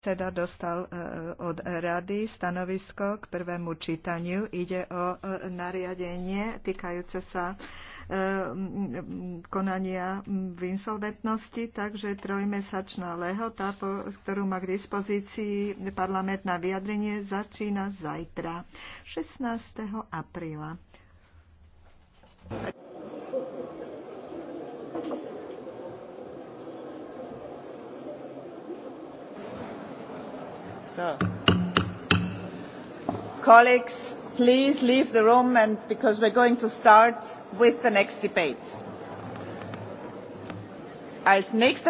teda dostal e, od rady stanovisko k prvému čítaniu. Ide o e, nariadenie týkajúce sa e, konania v insolventnosti, takže trojmesačná lehota, ktorú má k dispozícii parlament na vyjadrenie, začína zajtra, 16. apríla. Colleagues, please leave the room and because we're going to start with the next debate. Als